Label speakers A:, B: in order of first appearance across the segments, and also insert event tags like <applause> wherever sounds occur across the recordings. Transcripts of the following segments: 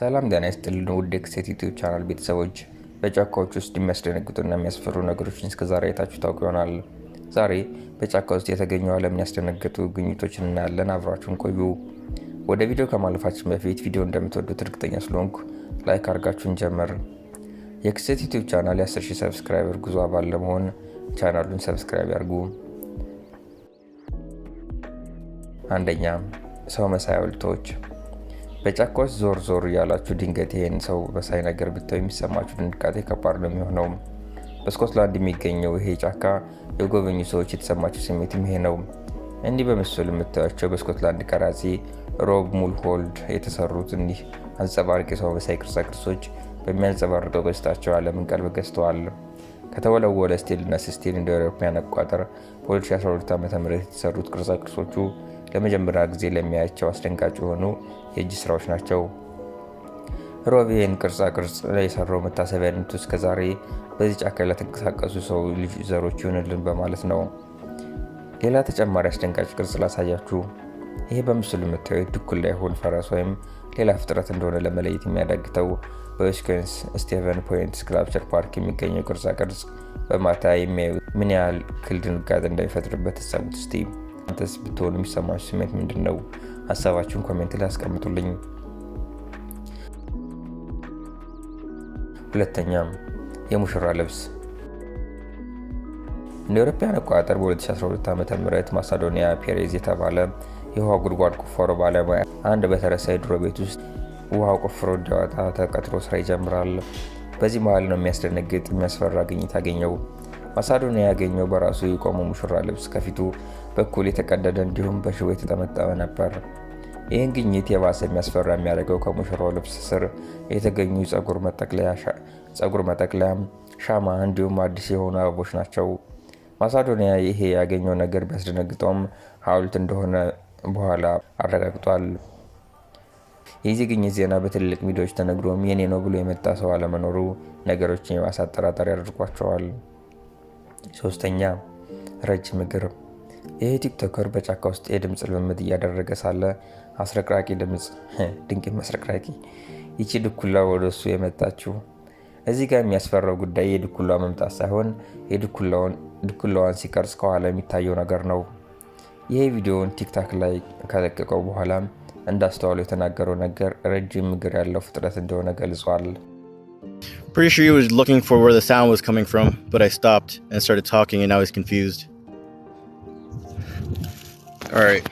A: ሰላም ጤና ይስጥልን ውድ የክሴት ዩቲዩብ ቻናል ቤተሰቦች፣ በጫካዎች ውስጥ የሚያስደነግጡና የሚያስፈሩ ነገሮችን እስከዛሬ አይታችሁ ታውቁ ይሆናል። ዛሬ በጫካ ውስጥ የተገኙ ዓለምን ያስደነገጡ ግኝቶችን እናያለን። አብራችሁን ቆዩ። ወደ ቪዲዮ ከማለፋችን በፊት ቪዲዮ እንደምትወዱት እርግጠኛ ስለሆንኩ ላይክ አድርጋችሁን ጀምር። የክሴት ዩቲዩብ ቻናል የ10 ሺህ ሰብስክራይበር ጉዞ አባል ለመሆን ቻናሉን ሰብስክራይብ ያርጉ። አንደኛ ሰው መሳይ ሐውልቶች በጫካዎች ዞር ዞር እያላችሁ ድንገት ይሄን ሰው ነገር ብተው የሚሰማችሁ ድንጋጤ ከባድ ነው የሚሆነው። በስኮትላንድ የሚገኘው ይሄ ጫካ የጎበኙ ሰዎች የተሰማቸው ስሜትም ይሄ ነው። እንዲህ በምስሉ የምታያቸው በስኮትላንድ ቀራጺ ሮብ ሙልሆልድ የተሰሩት እኒህ አንጸባርቂ ሰው መሳይ ቅርጻ በሚያንጸባርቀው ገጽታቸው ዓለምን ቀልብ ገዝተዋል። ከተወለወለ ስቲልና ስስቲል እንደ አውሮፓውያን አቆጣጠር በ2012 ዓ ም የተሰሩት ቅርጻ ለመጀመሪያ ጊዜ ለሚያያቸው አስደንጋጭ የሆኑ የእጅ ስራዎች ናቸው። ሮቤን ቅርጻ ቅርጽ ላይ የሰራው መታሰቢያ ንቱ እስከዛሬ በዚህ ጫካ ለተንቀሳቀሱ ሰው ልጅ ዘሮች ይሆንልን በማለት ነው። ሌላ ተጨማሪ አስደንጋጭ ቅርጽ ላሳያችሁ። ይሄ በምስሉ የምታዩት ላይ ሆን ፈረስ ወይም ሌላ ፍጥረት እንደሆነ ለመለየት የሚያዳግተው በዊስኮንስ ስቴቨን ፖይንት ስክላፕቸር ፓርክ የሚገኘው ቅርጻ ቅርጽ በማታ የሚያዩት ምን ያህል ክል ድንጋጤ እንደሚፈጥርበት ተሰሙት ስቲም እናንተስ ብትሆኑ የሚሰማችሁ ስሜት ምንድን ነው? ሀሳባችሁን ኮሜንት ላይ አስቀምጡልኝ። ሁለተኛም የሙሽራ ልብስ እንደ አውሮፓውያን አቆጣጠር በ2012 ዓ.ም ማሳዶኒያ ፔሬዝ የተባለ የውሃ ጉድጓድ ቁፋሮ ባለሙያ አንድ በተረሳ የድሮ ቤት ውስጥ ውሃ ቆፍሮ እንዲያወጣ ተቀጥሮ ስራ ይጀምራል። በዚህ መሀል ነው የሚያስደነግጥ የሚያስፈራ ግኝት ያገኘው። ማሳዶኒያ ያገኘው በራሱ የቆመው ሙሽራ ልብስ ከፊቱ በኩል የተቀደደ እንዲሁም በሽቦ የተጠመጠመ ነበር። ይህን ግኝት የባሰ የሚያስፈራ የሚያደርገው ከሙሽራው ልብስ ስር የተገኙ ጸጉር መጠቅለያ፣ ሻማ እንዲሁም አዲስ የሆኑ አበቦች ናቸው። ማሳዶኒያ ይሄ ያገኘው ነገር ቢያስደነግጠውም ሐውልት እንደሆነ በኋላ አረጋግጧል። የዚህ ግኝት ዜና በትልቅ ሚዲያዎች ተነግሮም የኔ ነው ብሎ የመጣ ሰው አለመኖሩ ነገሮችን የማሳጠራጠር ያደርጓቸዋል። ሶስተኛ ረጅም እግር ይህ ቲክቶከር በጫካ ውስጥ የድምፅ ልምምድ እያደረገ ሳለ አስረቅራቂ ድምፅ ድንቅ መስረቅራቂ ይቺ ድኩላ ወደ እሱ የመጣችው። እዚህ ጋር የሚያስፈራው ጉዳይ የድኩላ መምጣት ሳይሆን የድኩላዋን ሲቀርጽ ከኋላ የሚታየው ነገር ነው። ይህ ቪዲዮውን ቲክታክ ላይ ከለቀቀው በኋላም እንዳስተዋሉ የተናገረው ነገር ረጅም እግር ያለው ፍጥረት እንደሆነ ገልጿል።
B: Pretty sure he was looking for where the sound was coming from, but I stopped and started talking and now he's confused. All right.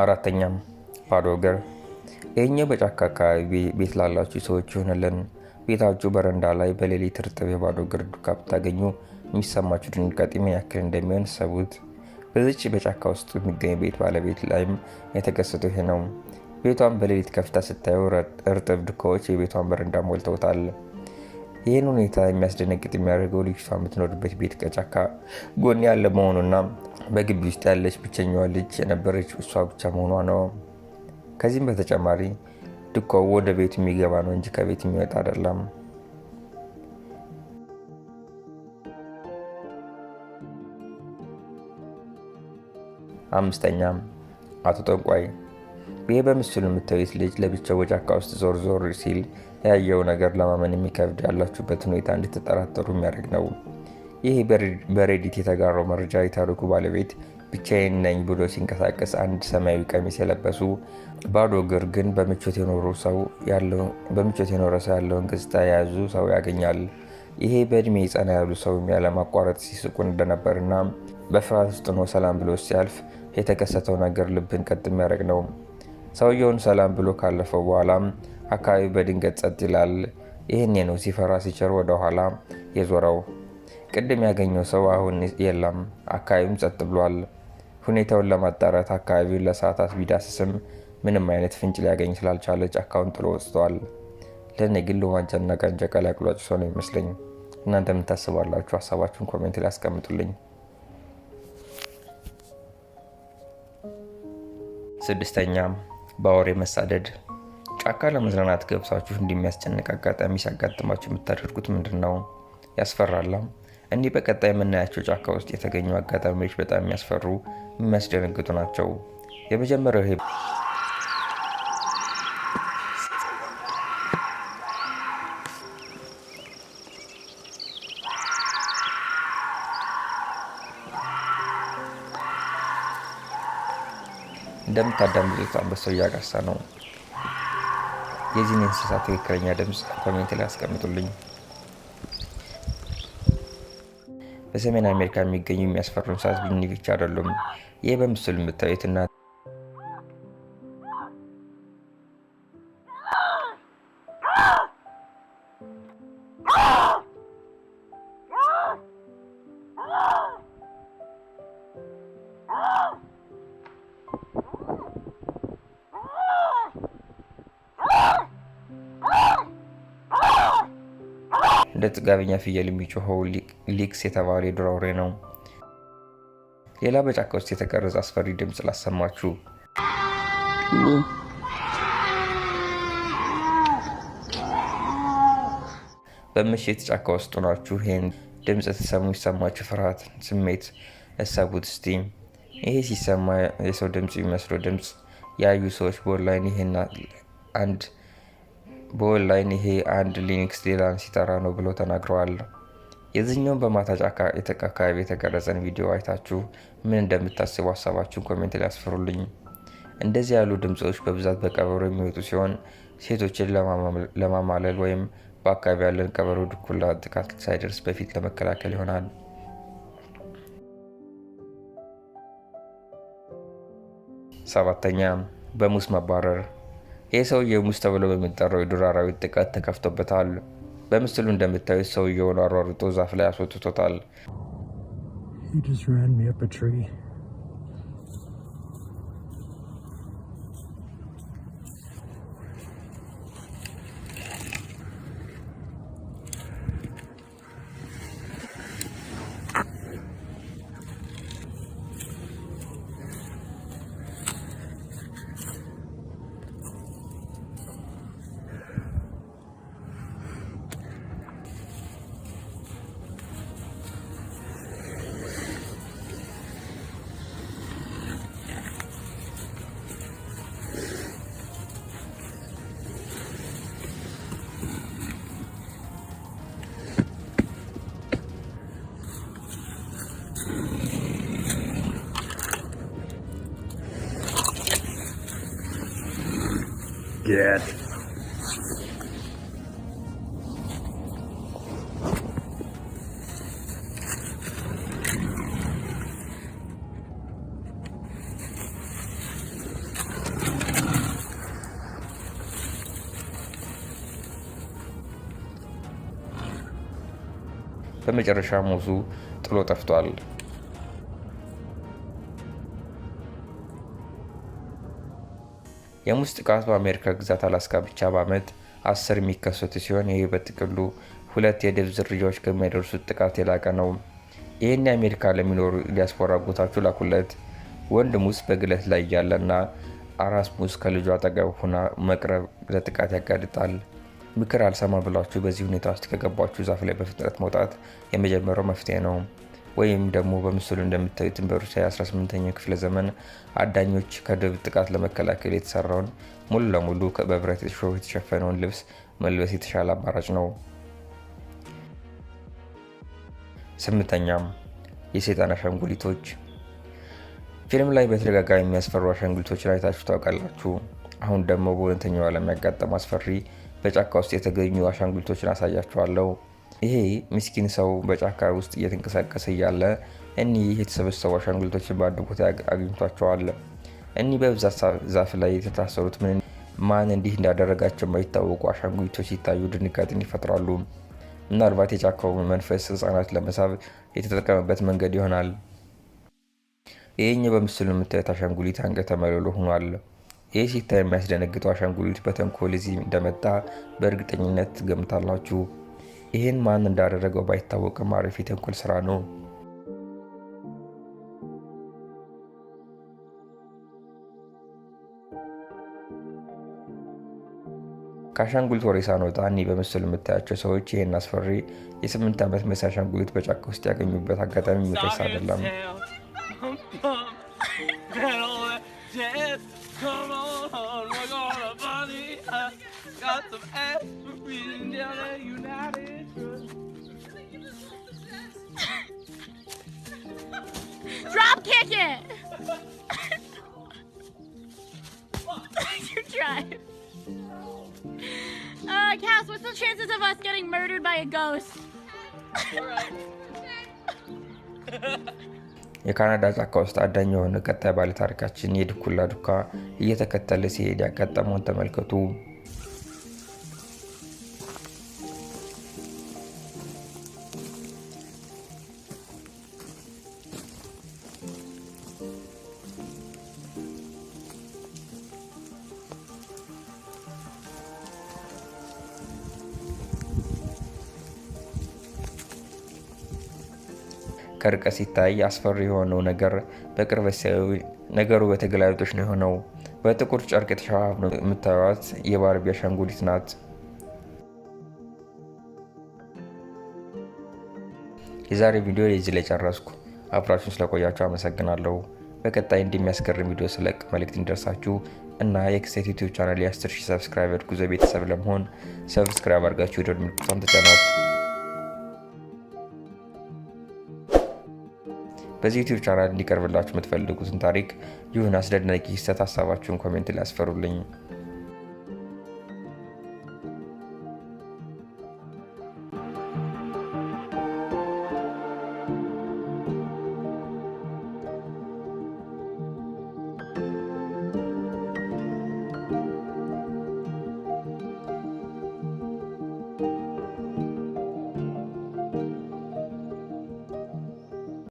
B: አራተኛም ባዶ እግር ይህኛው በጫካ አካባቢ ቤት ላላችሁ ሰዎች ይሆንልን። ቤታችሁ በረንዳ ላይ በሌሊት እርጥብ የባዶ እግር ዱካ ብታገኙ የሚሰማችሁ ድንጋጤ ምን ያክል እንደሚሆን ሰቡት። በዚች በጫካ ውስጥ የሚገኝ ቤት ባለቤት ላይም የተከሰተው ይሄ ነው። ቤቷን በሌሊት ከፍታ ስታዩ እርጥብ ዱካዎች የቤቷን በረንዳ ሞልተውታል። ይህን ሁኔታ የሚያስደነግጥ የሚያደርገው ልጅቷ የምትኖርበት ቤት ከጫካ ጎን ያለ መሆኑና በግቢ ውስጥ ያለች ብቸኛዋ ልጅ የነበረች እሷ ብቻ መሆኗ ነው። ከዚህም በተጨማሪ ድኮ ወደ ቤቱ የሚገባ ነው እንጂ ከቤት የሚወጣ አይደለም። አምስተኛ አቶ ጠንቋይ። ይህ በምስሉ የምታዩት ልጅ ለብቻው በጫካ ውስጥ ዞር ዞር ሲል ያየው ነገር ለማመን የሚከብድ ያላችሁበት ሁኔታ እንድትጠራጠሩ የሚያደርግ ነው። ይህ በሬዲት የተጋራው መረጃ የታሪኩ ባለቤት ብቻዬን ነኝ ብሎ ሲንቀሳቀስ አንድ ሰማያዊ ቀሚስ የለበሱ ባዶ እግር ግን በምቾት የኖረ ሰው ያለውን ገጽታ የያዙ ሰው ያገኛል። ይሄ በእድሜ ጸና ያሉ ሰው ያለማቋረጥ ሲስቁ እንደነበርና በፍርሃት ውስጥ ሆኖ ሰላም ብሎ ሲያልፍ የተከሰተው ነገር ልብን ቀጥ የሚያደርግ ነው። ሰውየውን ሰላም ብሎ ካለፈው በኋላም አካባቢው በድንገት ጸጥ ይላል። ይህኔ ነው ሲፈራ ሲቸር ወደ ኋላ የዞረው። ቅድም ያገኘው ሰው አሁን የለም፣ አካባቢውም ጸጥ ብሏል። ሁኔታውን ለማጣራት አካባቢውን ለሰዓታት ቢዳስስም ምንም አይነት ፍንጭ ሊያገኝ ስላልቻለ ጫካውን ጥሎ ወጥቷል። ለእኔ ግን ሉማንጃና ጋንጃ ቀላቅሎ አጭሶ ነው ይመስለኝ። እናንተ ምን ታስባላችሁ? ሀሳባችሁን ኮሜንት ላይ አስቀምጡልኝ። ስድስተኛ በአውሬ መሳደድ። ጫካ ለመዝናናት ገብሳችሁ እንደሚያስጨንቅ አጋጣሚ ሲያጋጥማችሁ የምታደርጉት ምንድን ነው? ያስፈራላ። እኒህ በቀጣይ የምናያቸው ጫካ ውስጥ የተገኙ አጋጣሚዎች በጣም የሚያስፈሩ የሚያስደነግጡ ናቸው። የመጀመሪያው ይሄ እንደምታዳምጡት አንበሳው እያጋሳ ነው። የዚህን እንስሳ ትክክለኛ ድምፅ ኮሜንት ላይ አስቀምጡልኝ። በሰሜን አሜሪካ የሚገኙ የሚያስፈሩ እንስሳት ብቻ አይደሉም። ይህ በምስሉ የምታዩት እንደ ጥጋበኛ ፍየል የሚጮኸው ሊክስ የተባለ የዱር አውሬ ነው። ሌላ በጫካ ውስጥ የተቀረጸ አስፈሪ ድምፅ ላሰማችሁ። በምሽት ጫካ ውስጥ ሆናችሁ ይህን ድምፅ ተሰሙ ይሰማችሁ ፍርሃት ስሜት እሰቡት እስቲ። ይሄ ሲሰማ የሰው ድምፅ የሚመስለው ድምፅ ያዩ ሰዎች በኦንላይን ይህን አንድ በኦንላይን ይሄ አንድ ሊኒክስ ሌላን ሲጠራ ነው ብለው ተናግረዋል። የዚህኛውን በማታጫ አካባቢ የተቀረጸን ቪዲዮ አይታችሁ ምን እንደምታስቡ ሀሳባችሁን ኮሜንት ላይ ያስፍሩልኝ። እንደዚህ ያሉ ድምፆች በብዛት በቀበሮ የሚወጡ ሲሆን ሴቶችን ለማማለል ወይም በአካባቢ ያለን ቀበሮ ድኩላ ጥቃት ሳይደርስ በፊት ለመከላከል ይሆናል። ሰባተኛ በሙስ መባረር ይህ ሰውዬ ሙስ ተብሎ በሚጠራው የዱር አራዊት ጥቃት ተከፍቶበታል። በምስሉ እንደምታዩት ሰውየውን አሯርጦ ዛፍ ላይ አስወጥቶታል። Get. በመጨረሻ ሙዙ ጥሎ ጠፍቷል። የሙስ ጥቃት በአሜሪካ ግዛት አላስካ ብቻ በዓመት አስር የሚከሰቱ ሲሆን ይህ በጥቅሉ ሁለት የድብ ዝርያዎች ከሚያደርሱት ጥቃት የላቀ ነው። ይህን የአሜሪካ ለሚኖሩ ዲያስፖራ ጎታችሁ ላኩለት። ወንድ ሙስ በግለት ላይ እያለና አራስ ሙስ ከልጇ አጠገብ ሆና መቅረብ ለጥቃት ያጋልጣል። ምክር አልሰማ ብላችሁ በዚህ ሁኔታ ውስጥ ከገባችሁ ዛፍ ላይ በፍጥነት መውጣት የመጀመሪያው መፍትሄ ነው። ወይም ደግሞ በምስሉ እንደምታዩትን በሩሲያ 18ኛው ክፍለ ዘመን አዳኞች ከድብ ጥቃት ለመከላከል የተሰራውን ሙሉ ለሙሉ በብረት እሾህ የተሸፈነውን ልብስ መልበስ የተሻለ አማራጭ ነው። ስምንተኛም የሰይጣን አሻንጉሊቶች። ፊልም ላይ በተደጋጋሚ የሚያስፈሩ አሻንጉሊቶችን አይታችሁ ታውቃላችሁ። አሁን ደግሞ በእውነተኛው ዓለም ያጋጠሙ አስፈሪ በጫካ ውስጥ የተገኙ አሻንጉሊቶችን አሳያችኋለሁ። ይሄ ምስኪን ሰው በጫካ ውስጥ እየተንቀሳቀሰ እያለ እኒህ የተሰበሰቡ አሻንጉሊቶች ባዶ ቦታ አግኝቷቸዋል። እኒህ በብዛት ዛፍ ላይ የተታሰሩት ምን ማን እንዲህ እንዳደረጋቸው የማይታወቁ አሻንጉሊቶች ሲታዩ ድንጋጤን ይፈጥራሉ። ምናልባት የጫካው መንፈስ ህጻናት ለመሳብ የተጠቀመበት መንገድ ይሆናል። ይህኛው በምስሉ የምታዩት አሻንጉሊት አንገተ መለሎ ሆኗል። ይህ ሲታይ የሚያስደነግጠው አሻንጉሊት በተንኮል እዚህ እንደመጣ በእርግጠኝነት ትገምታላችሁ። ይህን ማን እንዳደረገው ባይታወቅም አሪፍ የተንኮል ስራ ነው። ከአሻንጉሊት ወሬ ሳንወጣ እኒህ በምስሉ የምታያቸው ሰዎች ይህን አስፈሪ የስምንት ዓመት መሳይ አሻንጉሊት በጫካ ውስጥ ያገኙበት አጋጣሚ የሚጠቅስ አይደለም። Drop kick it! <laughs> you try. Uh, Cass, what's the chances of us getting murdered by a ghost? <laughs> የካናዳ ጫካ ውስጥ አዳኝ የሆነ ቀጣይ ባለታሪካችን የድኩላ ዱካ እየተከተለ ሲሄድ ያጋጠመውን ተመልከቱ። ከርቀት ሲታይ አስፈሪ የሆነው ነገር በቅርበት ሲያዩ ነገሩ በተገላቢጦሽ ነው የሆነው። በጥቁር ጨርቅ ነው የምታዩት የባርቢ አሻንጉሊት ናት። የዛሬ ቪዲዮ የዚህ ላይ ጨረስኩ። አብራችሁን ስለቆያችሁ አመሰግናለሁ። በቀጣይ እንደሚያስገርም ቪዲዮ ስለቅ መልእክት እንዲደርሳችሁ እና የክስተት ዩቲዩብ ቻናል የ10 ሺህ ሰብስክራይበር ጉዞ ቤተሰብ ለመሆን ሰብስክራይብ አድርጋችሁ የደወል ምልክቱን በዚህ ዩቲዩብ ቻናል ሊቀርብላችሁ የምትፈልጉትን ታሪክ ይሁን አስደናቂ ክስተት ሀሳባችሁን ኮሜንት ላይ አስፈሩልኝ